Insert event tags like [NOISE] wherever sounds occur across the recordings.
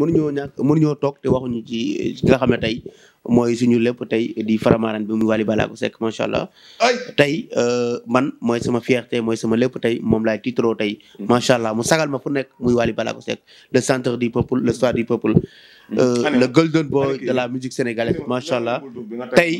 mënuñoo ñàkk mënuñoo toog te waxuñu ci ki nga xam ne tey mooy suñu lépp tey di faramaaraan bi muy Wally Ballago Seck macha allah. tey euh, man mooy sama fierté mooy sama lépp tey moom laay tiitaroo tey. Mm-hmm. macha allah mu sagal ma fu nekk muy wali Ballago Seck le centre du peuple le soir du peuple. Mm-hmm. Euh, le golden boy de la musique sénégalaise macha allah. tey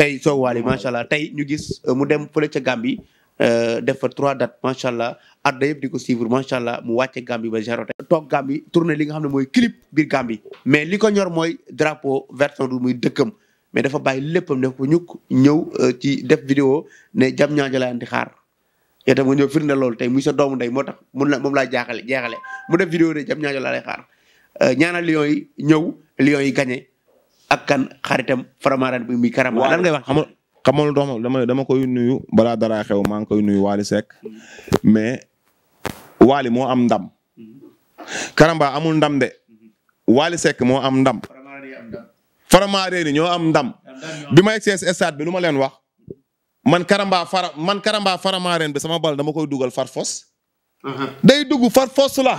tey soo Wally macha allah tey ñu gis euh, mu dem fële ca Gambie. Euh, def fa trois dates macha allah adda yëpp di ko suivre macha allah mu wàcce Gambie ba zéro te toog Gambie tourné li nga xam ne mooy clip biir Gambie mais li ko ñor mooy drapeau vert du muy dëkkam mais dafa bàyyi léppam def ko ñukk ñëw euh, ci def vidéo ne jam ñaajo laa di xaar yow tam nga ñëw loolu tey muy sa doomu moo tax mun la moom laa jaaxale jeexale mu def vidéo de jam ñaajo laa lay xaar euh, ñaanal lions yi ñëw lions yi gagné ak kan xaritam Faramaren bi muy karama lan xamal dox dama dama koy nuyu balaa daraa xew maa ngi koy nuyu Waly Seck mais Waly moo am ndam Karamba amul ndam de Waly Seck moo am ndam Faramare ni ñoo am ndam bi ma egg si stade bi lu leen wax man Karamba fara man Karamba Faramare bi sama bal dama koy dugal farfos day dugg farfos la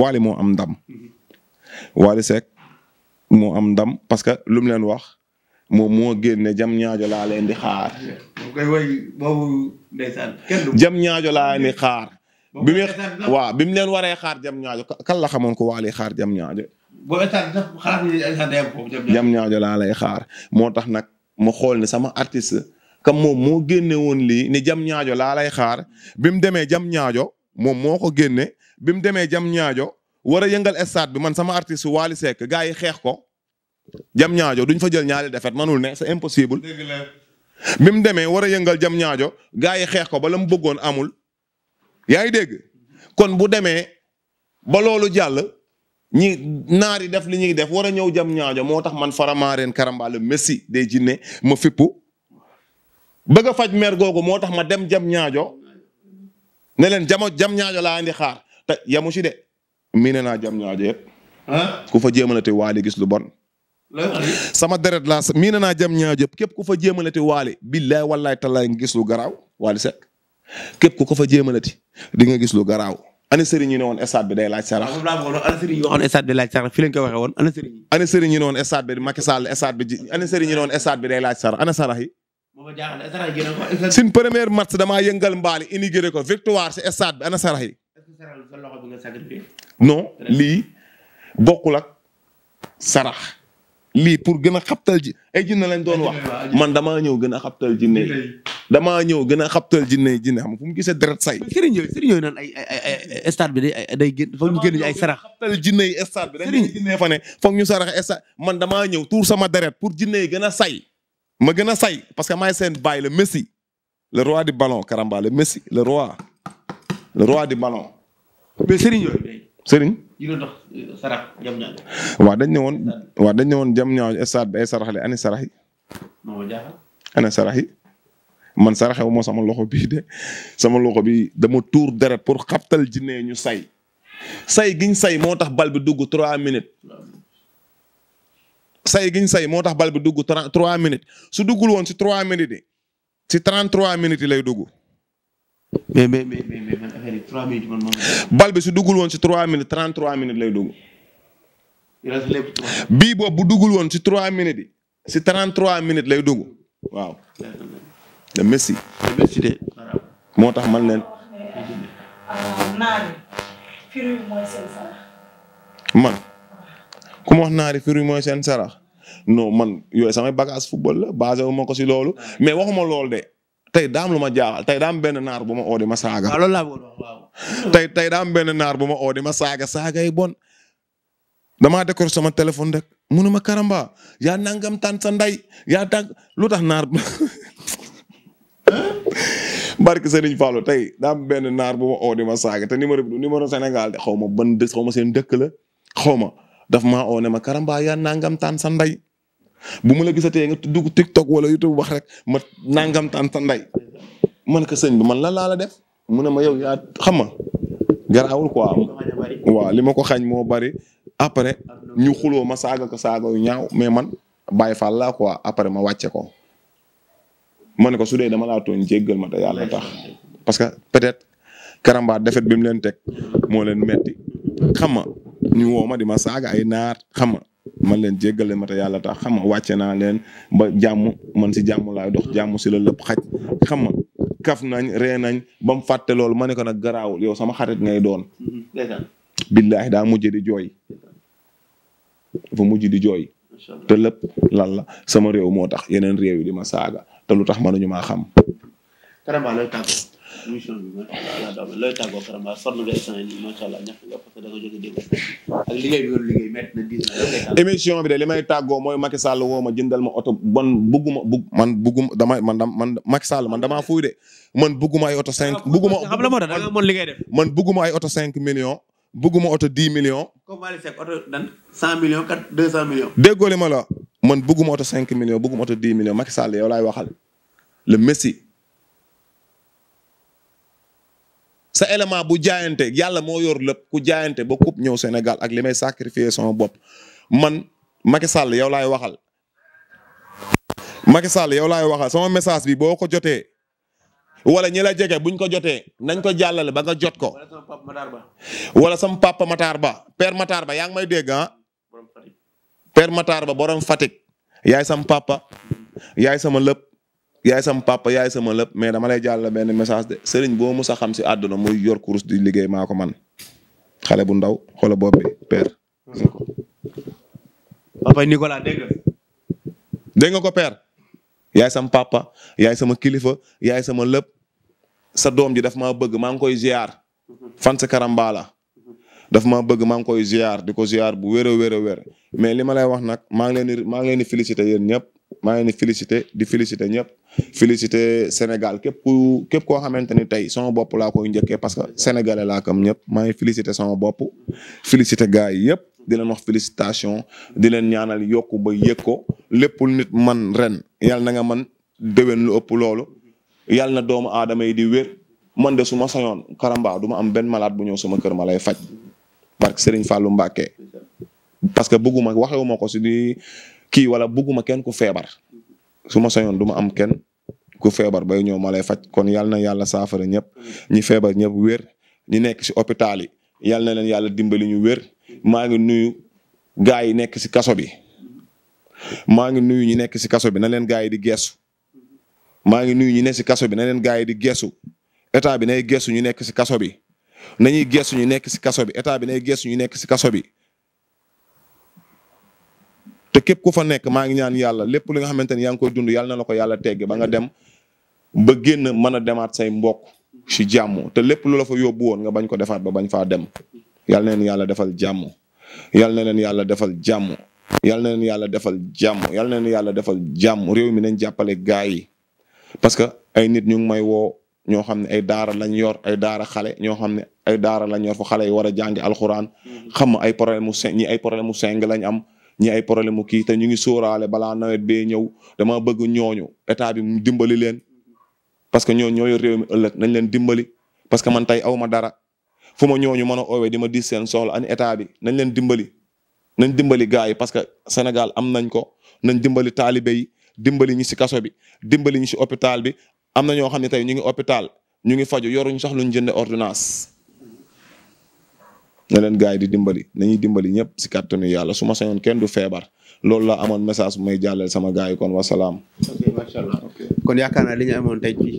Waly moo am ndam Waly Seck moo am ndam parce que lu mu leen wax moom moo génne jam ñaajo laa leen di xaar. jam ñaajo laa leen xaar. bi muy waaw bi mu leen waree xaar jam ñaajo kan la xamoon ko waali xaar jam ñaajo. jam ñaajo laa lay xaar moo tax nag ma xool ne sama artiste. comme moom moo génne woon lii ni jam ñaajo laa lay xaar bi mu demee jam ñaajo moom moo ko génne bi mu demee jam ñaajo war a yëngal bi man sama artiste Wally seek gars yi xeex ko. jam ñaajo duñ fa jël ñaari defet manul ne c'est impossible. bi mu demee war a yëngal jam ñaajo gars yi xeex ko ba la mu bëggoon amul. yaa ngi dégg kon bu demee ba loolu jàll ñi naari def li ñuy def war a ñëw jam ñaajo moo tax man faramaareen karambaale messi day jinne ma fippu. bëgg faj mer googu moo tax ma dem jam ñaajo ne leen jamo jam ñaajo laa indi xaar te yamu si de. mii naa jam ñaajo yëpp. ku fa jéem a te waa li gis lu bon. sama deret la miina naa jam ñaa jëpp képp ku fa jéemalati waali billaay wallaay tallaay nga gis lu garaaw waali sekk képp ku ko fa jéemalati di nga gis lu garaaw ana sëriñ yi ne woon stade bi day laaj sarax ana sëriñ yi ko waxee woon ana sëriñ yi ana sëriñ yi ne woon stade bi Macky Sall stade bi ji ana sëriñ yi day laaj sarax ana sarax yi sin première match damaa yëngal mbaali inigéré ko victoire si stade bi ana sarax yi non lii bokkul sarax lii pour gën a xabtal ji ay jinne lañ doon wax man damaa ñëw gën a xabtal jinne yi damaa ñëw gën a xabtal jinne yi jinne xam mu gisee deret say sëriñ yooyu sëriñ yooyu ay ay stade bi day day génn ñu génn ñu ay sarax xabtal jinne yi stade bi dañ ne foog ñu sarax stade man damaa ñëw tuur sama deret pour jinne yi gën a say ma gën a say parce que maay seen baay la Messi le roi di ballon Karamba le Messi le roi le roi du ballon mais sëriñ yooyu sëriñ yi doon dox euh, sarax dañ ne woon waaw dañ ne woon jam ñaajo stade bi ay sarax la ani sarax yi moo jaaxal ana sarax yi man saraxew moo sama loxo bii de sama loxo bi dama tuur deret pour xaptal jinne ñu say say giñ say moo tax bal bi dugg trois minutes say giñ say moo tax bal bi dugg trois minutes su duggul woon si trois minutes yi si trente trois minutes yi lay dugg mais bal bi si duggul woon si 3 minutes 33 minutes lay dugg. bii bu duggul woon si 3 minutes yi si 33 minutes lay dugg waaw. de Messi. moo tax man leen. man ku ma wax naari firi mooy seen sarax non man yooyu samay bagage football la basé wu ko si loolu mais waxuma lool de. tey daam lu ma jaaxal tey daam benn naar bu ma oo ma saaga. waaw tey tey benn naar bu ma oo ma saaga saaga yi bon damaa décor sama téléphone rek munu ma karamba yaa nangam tan sa nday yaa tànk lu tax naar. [LAUGHS] barke Serigne Fallou tey daam benn naar bu ma oo di saaga te numéro numéro Sénégal de xaw ma ban dë xaw ma seen dëkk la xaw ma daf maa ma karamba yaa nangam tan sa nday. bu ma la gisatee nga dugg TikTok wala YouTube wax rek ma nangam taan sa ndey man ko sëñ bi man lan laa la def mu ne ma yow yaa xam ma garaawul quoi waaw li ma ko xañ moo bari après ñu xuloo ma saaga ko saaga yu ñaaw mais man bàyyi faal laa quoi après ma wàcce ko ma ne ko su dee dama laa tooñ jéggal ma te yàlla tax parce que peut-être karamba defet bi leen teg moo leen metti xam ma ñu woo ma di ma saaga ay naar xam ma man leen jéggal leen ma yàlla tax xam nga wàcce naa leen ba jàmm man si jàmm laay dox jàmm si la lëpp xaj xam nga kaf nañ ree nañ ba mu fàtte loolu ma ne ko nag garaawul yow sama xarit ngay doon. Mm-hmm. billaahi daa mujj di jooy. dafa mujj di jooy. te lépp lan la sama réew moo tax yeneen réew yi di ma saaga te lu tax mënuñu maa xam. émission bi sonn nga instant nga bi yoon liggéey bi de li may tàggoo mooy Macky Sall woo ma jëndal ma oto bon bugguma bugg man bugguma damay man man Macky Sall man damaa fuuy man bugguma ay oto cinq bugguma xam la moo tax da nga man bugguma ay oto cinq millions bugguma oto dix million comme Wally Seck oto dan cent millions quatre deux man bugguma oto cinq millions bugguma oto dix millions Macky Sall yow waxal le Messi sa élément bu jaayante yàlla moo yor lépp ku jaayante ba coupe ñëw Sénégal ak li may sacrifier sama bopp man Macky Sall yow laay waxal. Macky Sall yow laay waxal sama message bi boo ko jotee wala ñi la jege buñ ko jotee nañ ko jàllale ba nga jot ko. wala sama papa Matar Ba père Matar Ba yaa ngi may dégg ah. Matar Ba borom Fatick yaay sam papa yaay sama lépp. yaay sama papa yaay sama lépp mais dama lay jàll benn message de sëriñ boo musa xam si àdduna muy yor kurus di liggéey maa ko man xale bu ndaw xoola bopp bi père. papa nga. dégg nga ko yaay sama kilifa yaay sama lépp sa doom ji daf maa bëgg maa ngi koy ziar. fan sa karambala. daf maa bëgg maa ngi koy ziar di ko ziar bu wér a wér a wér mais li ma lay wax nag maa ngi leen di maa ngi leen di ñëpp maa ngi leen di félicité di ñëpp. félicité Sénégal képp ku képp koo xamante ni tey sama bopp laa koy njëkkee parce que sénégalais laa kam ñëpp maa ngi félicité sama bopp félicité gars yi yëpp di leen wax félicitation di leen ñaanal yokku ba yëg ko lépp nit man ren yàlla na nga man déwén lu ëpp loolu yàlla na doomu aadama yi di wér man de su ma sañoon karamba du am benn malaat bu ñëw sama kër ma lay faj barke Serigne Fallou Mbacké parce que bëgguma waxewu ma ko si di kii wala bëgguma kenn ku feebar su ma soñoon du ma am kenn ku feebar bay ñëw ma lay faj kon yal na yàlla saafara ñëpp ñi feebar ñëpp wér ñi nekk si hôpital yi yal na leen yàlla dimbali ñu wér maa ngi nuyu gaa yi nekk si kaso bi maa ngi nuyu ñi nekk si kaso bi na leen gaa yi di geesu maa ngi nuyu ñi nekk si kaso bi na leen gaa yi di geesu état bi nay geesu ñu nekk si kaso bi nañuy geesu ñu nekk si kaso bi état bi nay geesu ñu nekk si kaso bi te képp ku fa nekk maa ngi ñaan yàlla lépp li nga xamante ni yaa koy dund na la ko yàlla tegge ba nga dem ba génn mën a demaat say mbokk si jàmm te lépp lu la fa yóbbu woon nga bañ ko defaat ba bañ faa dem yàlla na leen yàlla defal jàmm yàlla na leen yàlla defal jàmm yàlla na yàlla defal jàmm yàlla na leen yàlla defal jàmm réew mi nañ jàppale gaa yi parce que ay nit ñu ngi may woo ñoo xam ne ay daara lañ yor ay daara xale ñoo xam ne ay daara lañ yor fu xale yi war a jàngi alxuraan mm-hmm. xam ay problème mu ñi ay problème mu seng lañ am ñi ay problème mu kii te ñu ngi sóoraale balaa nawet bee ñëw dama bëgg ñooñu état bi mu dimbali leen parce que ñooñu ñooy réew mi ëllëg nañ leen dimbali parce que man tey aw ma dara fu ma ñooñu mën a oowee di ma dis seen soxla an état bi nañ leen dimbali nañ dimbali gars yi parce que Sénégal am nañ ko nañ dimbali taalibe yi dimbali ñi si kaso bi dimbali ñi si hôpital bi am na ñoo xam ne tey ñu ngi hôpital ñu ngi faju yoruñ sax luñ jënde ordonnance na leen gars yi di dimbali nañuy dimbali ñëpp si kàttanu yàlla suma ma sañoon kenn du feebar loolu amoon message bu may jàllale sama gars yi kon wasalaam. ok macha kon yaakaar naa li ñu amoon tey ci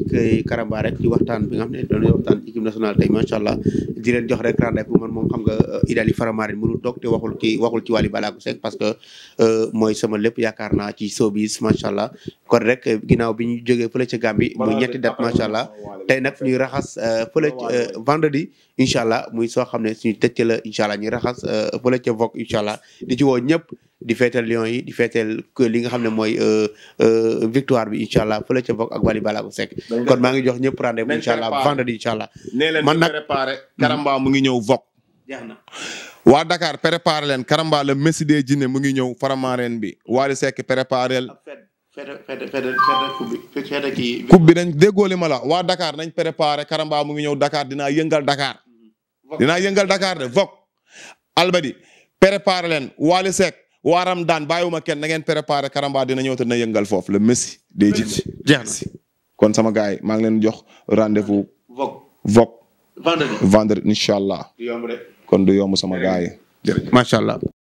Karamba rek ci waxtaan bi nga xam ne doon waxtaan ci équipe nationale tey macha allah di jox rek rendez-vous man moom xam nga euh, Idali Faramaren mënul toog te waxul ci waxul ci Wally Ballago Seck parce que euh, mooy sama lépp yaakaar naa ci showbiz macha allah kon rek euh, ginnaaw bi ñu jógee fële ca Gambie muy ñetti date macha allah tey nag ñuy raxas fële vendredi incha allah muy soo xam ne suñu tëcc la incha allah ñuy raxas fële ca Vogue incha allah di ci woo ñëpp di feetal Lions yi di feetal nga xam ne mooy euh, euh, victoire bi incha allah fële ca bokk ak Wally Ballago Seck kon maa ngi jox ñëpp rendez-vous incha allah vendredi incha allah Karamba mu ngi ñëw vok waa Dakar préparé leen Karamba la Messi Jinne mu ngi ñëw Faramareen bi Wally Seck préparé coupe bi dañ déggoo li ma la waa Dakar nañ préparé Karamba mu ngi ñëw Dakar dinaa yëngal Dakar mm-hmm. dinaa yëngal Dakar de albadi préparé leen Wally waaram daan bàyyiwuma kenn na ngeen préparé karamba dina ñëw te dina yëngal foofu le messi day jiite jeex na kon sama gars yi maa ngi leen jox rendez-vous vog vog vendredi vendredi incha allah kon du yomb sama gars yi macha allah